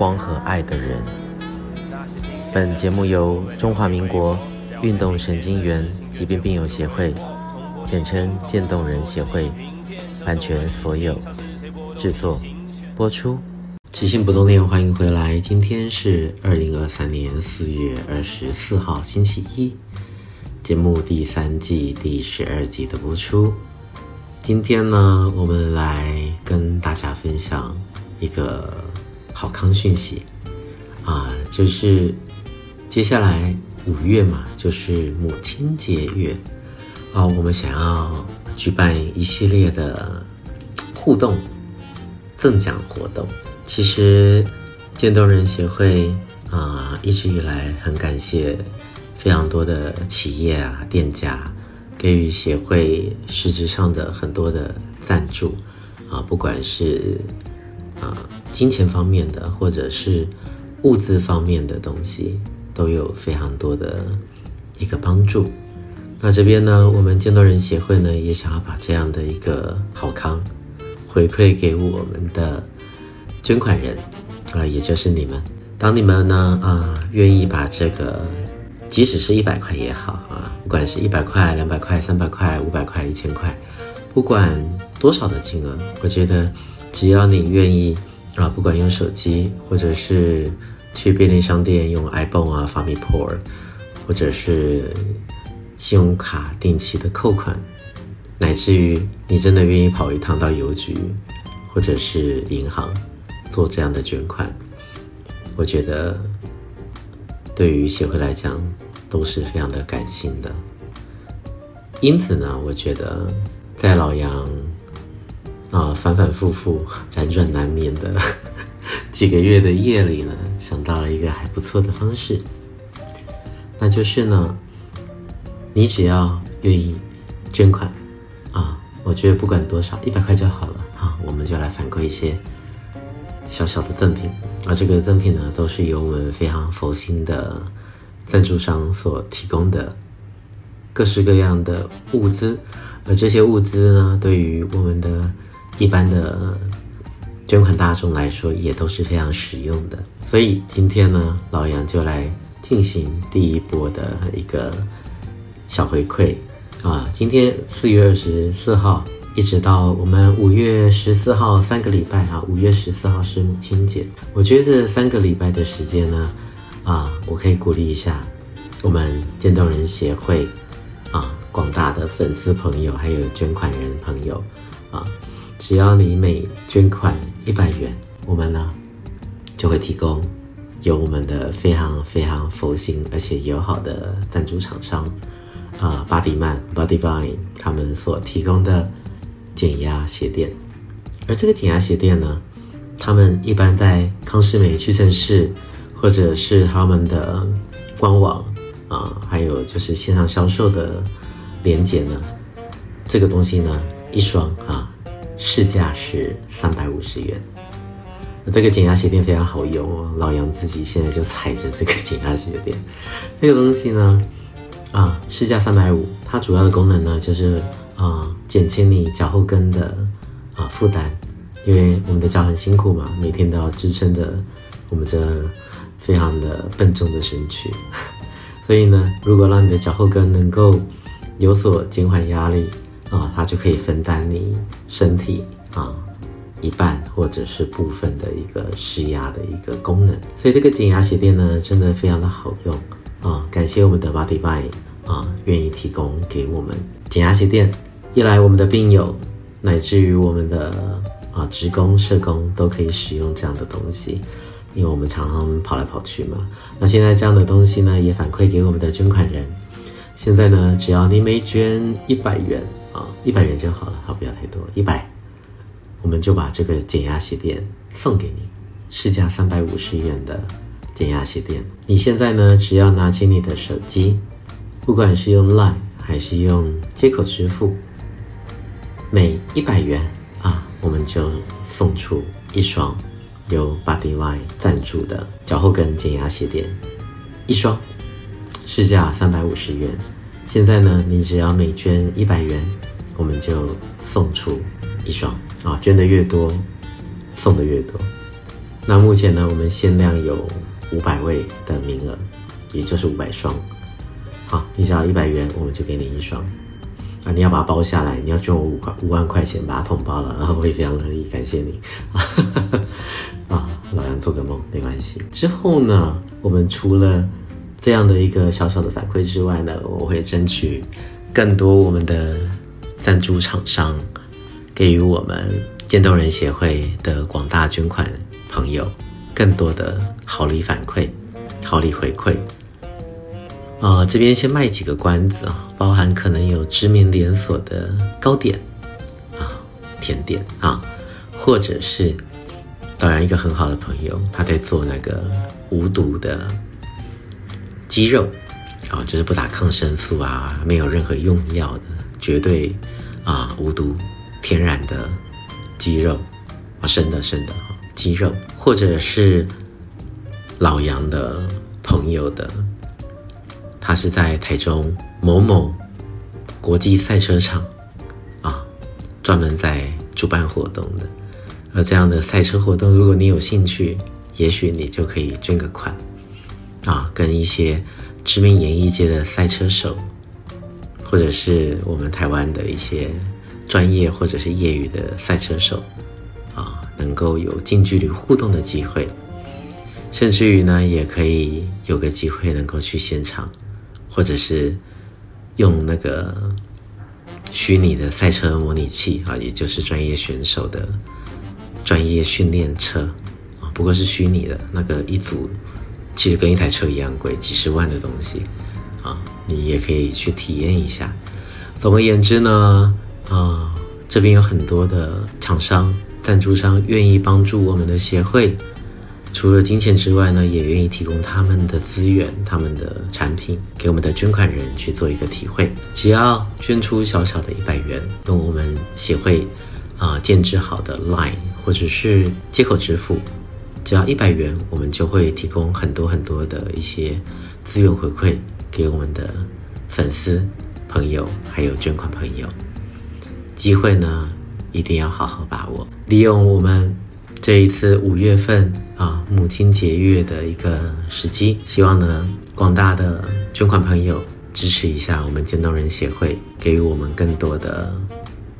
光和愛的人。本節目由中華民國運動神經元疾病病友協會，簡稱漸凍人協會，版權所有，製作播出。起心不凍念，歡迎回來。今天是二零二三年四月二十四號，星期一，節目第三季第十二集的播出。今天呢，我們來跟大家分享一個。好康訊息啊，就是接下來五月嘛，就是母親節月啊，我們想要舉辦一系列的互動贈獎活動。其實漸凍人協會啊，一直以來很感謝非常多的企業啊、店家給予協會實質上的很多的贊助啊，不管是啊。金錢方面的，或者是物資方面的東西，都有非常多的一個幫助。那這邊呢，我們漸凍人協會呢，也想要把這樣的一個好康回饋給我們的捐款人，啊、呃，也就是你們。當你們呢，啊、呃，願意把這個，即使是一百塊也好啊，不管是一百塊、兩百塊、三百塊、五百塊、一千塊，不管多少的金額，我覺得只要你願意。啊，不管用手機，或者是去便利商店用 iPhone 啊 FamiPort，或者是信用卡定期的扣款，乃至於你真的願意跑一趟到郵局，或者是銀行做這樣的捐款，我覺得對於協會來講都是非常的感性的。因此呢，我覺得在老楊。啊，反反复覆、輾轉難眠的幾個月的夜裡呢，想到了一個還不錯的方式，那就是呢，你只要願意捐款，啊，我覺得不管多少，一百塊就好了啊，我們就來反饋一些小小的贈品。而、啊、這個贈品呢，都是由我們非常佛心的贊助商所提供的各式各樣的物資，而這些物資呢，對於我們的。一般的捐款大眾來說，也都是非常實用的。所以今天呢，老楊就來進行第一波的一個小回饋啊。今天四月二十四號，一直到我們五月十四號三個禮拜啊。五月十四號是母親節，我覺得這三個禮拜的時間呢，啊，我可以鼓勵一下我們漸凍人協會啊，廣大的粉絲朋友，還有捐款人朋友啊。只要你每捐款一百元，我們呢就會提供由我們的非常非常佛心而且友好的彈珠廠商啊，巴迪蔓 （Bodyvine） 他們所提供的減壓鞋墊。而這個減壓鞋墊呢，他們一般在康是美、屈臣氏或者是他們的官網啊，還有就是線上銷售的連結呢，這個東西呢，一雙啊。市價是三百五十元，這個減壓鞋墊非常好用哦。老楊自己現在就踩着這個減壓鞋墊，這個東西呢，啊，市價三百五，它主要的功能呢就是啊，減輕你腳後跟的啊負擔，因為我們的腳很辛苦嘛，每天都要支撐着我們這非常的笨重的身軀，所以呢，如果讓你的腳後跟能夠有所減緩壓力。啊，它、哦、就可以分擔你身體啊、哦、一半或者是部分的一個釋壓的一個功能。所以這個減壓鞋墊呢，真的非常的好用啊、哦！感謝我們的 Bodyvine 啊，願意提供給我們減壓鞋墊。一來我們的病友，乃至於我們的啊職工、社工都可以使用這樣的東西，因為我們常常跑來跑去嘛。那現在這樣的東西呢，也反饋給我們的捐款人。現在呢，只要你每捐一百元，一百元就好了，好，不要太多，一百，我們就把這個減壓鞋墊送給你，市價三百五十元的減壓鞋墊。你現在呢，只要拿起你的手機，不管是用 LINE 還是用街口支付，每一百元啊，我們就送出一雙由 Bodyvine 贊助的腳後跟減壓鞋墊，一雙，市價三百五十元。現在呢，你只要每捐一百元。我們就送出一雙啊，捐的越多，送的越多。那目前呢，我們限量有五百位的名額，也就是五百雙。好，啊，你只要一百元，我們就給你一雙。啊，你要把它包下來，你要捐我五塊五萬塊錢把它統包了，然、啊、後我也非常樂意感謝你。 啊，老楊做個夢沒關係。之後呢，我們除了這樣的一個小小的反饋之外呢，我會爭取更多我們的。贊助廠商給予我們漸凍人協會的廣大捐款朋友更多的好禮反饋、好禮回饋。啊、呃，這邊先賣幾個關子啊，包含可能有知名連鎖的糕點啊、甜點啊，或者是導演一個很好的朋友，他在做那個無毒的雞肉啊，就是不打抗生素啊，沒有任何用藥的。絕對啊，無毒天然的雞肉啊，哦，生的生的雞肉，或者是老楊的朋友的，他是在台中某某國際賽車場啊，專門在主辦活動的。而這樣的賽車活動，如果你有興趣，也許你就可以捐個款啊，跟一些知名演藝界的賽車手。或者是我們台灣的一些專業或者是業餘的賽車手，啊，能夠有近距離互動的機會，甚至於呢，也可以有個機會能夠去現場，或者是用那個虛擬的賽車模擬器啊，也就是專業選手的專業訓練車啊，不過是虛擬的那個一組，其實跟一台車一樣貴，幾十萬的東西啊。你也可以去體驗一下。總而言之呢，啊、呃，這邊有很多的廠商、贊助商願意幫助我們的協會。除了金錢之外呢，也願意提供他們的資源、他們的產品給我們的捐款人去做一個體會。只要捐出小小的一百元，用我們協會啊、呃、建製好的 Line 或者是街口支付，只要一百元，我們就會提供很多很多的一些資源回饋。給我們的粉絲、朋友，還有捐款朋友，機會呢，一定要好好把握。利用我們這一次五月份啊母親節月的一個時機，希望呢廣大的捐款朋友支持一下我們漸凍人協會，給予我們更多的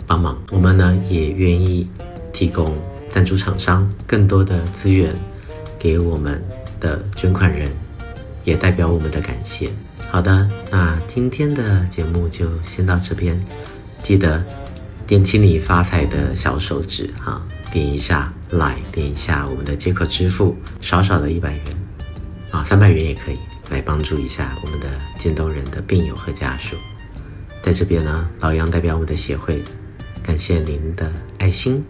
幫忙。我們呢也願意提供贊助廠商更多的資源給我們的捐款人，也代表我們的感謝。好的，那今天的節目就先到這邊。記得點起你發財的小手指啊，點一下 LINE，點一下我們的“街口支付”，少少的一百元啊，三百元也可以，來幫助一下我們的漸凍人的病友和家屬。在這邊呢，老楊代表我們的協會，感謝您的愛心。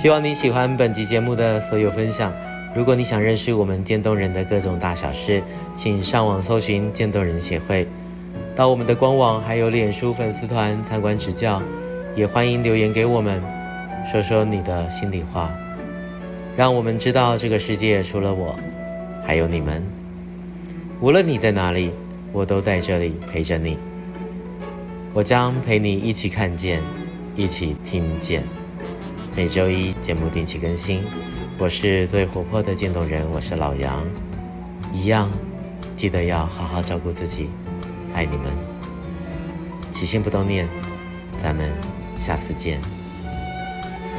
希望你喜歡本集節目的所有分享。如果你想認識我們漸凍人的各種大小事，請上網搜尋漸凍人協會，到我們的官網還有臉書粉絲團參觀指教，也歡迎留言給我們，說說你的心裡話，讓我們知道這個世界除了我，還有你們。無論你在哪裡，我都在這裡陪着你。我將陪你一起看見，一起聽見。每週一節目定期更新。我是最活潑的漸凍人，我是老楊，一樣，記得要好好照顧自己，愛你們，起心不凍念，咱們下次見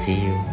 ，See you。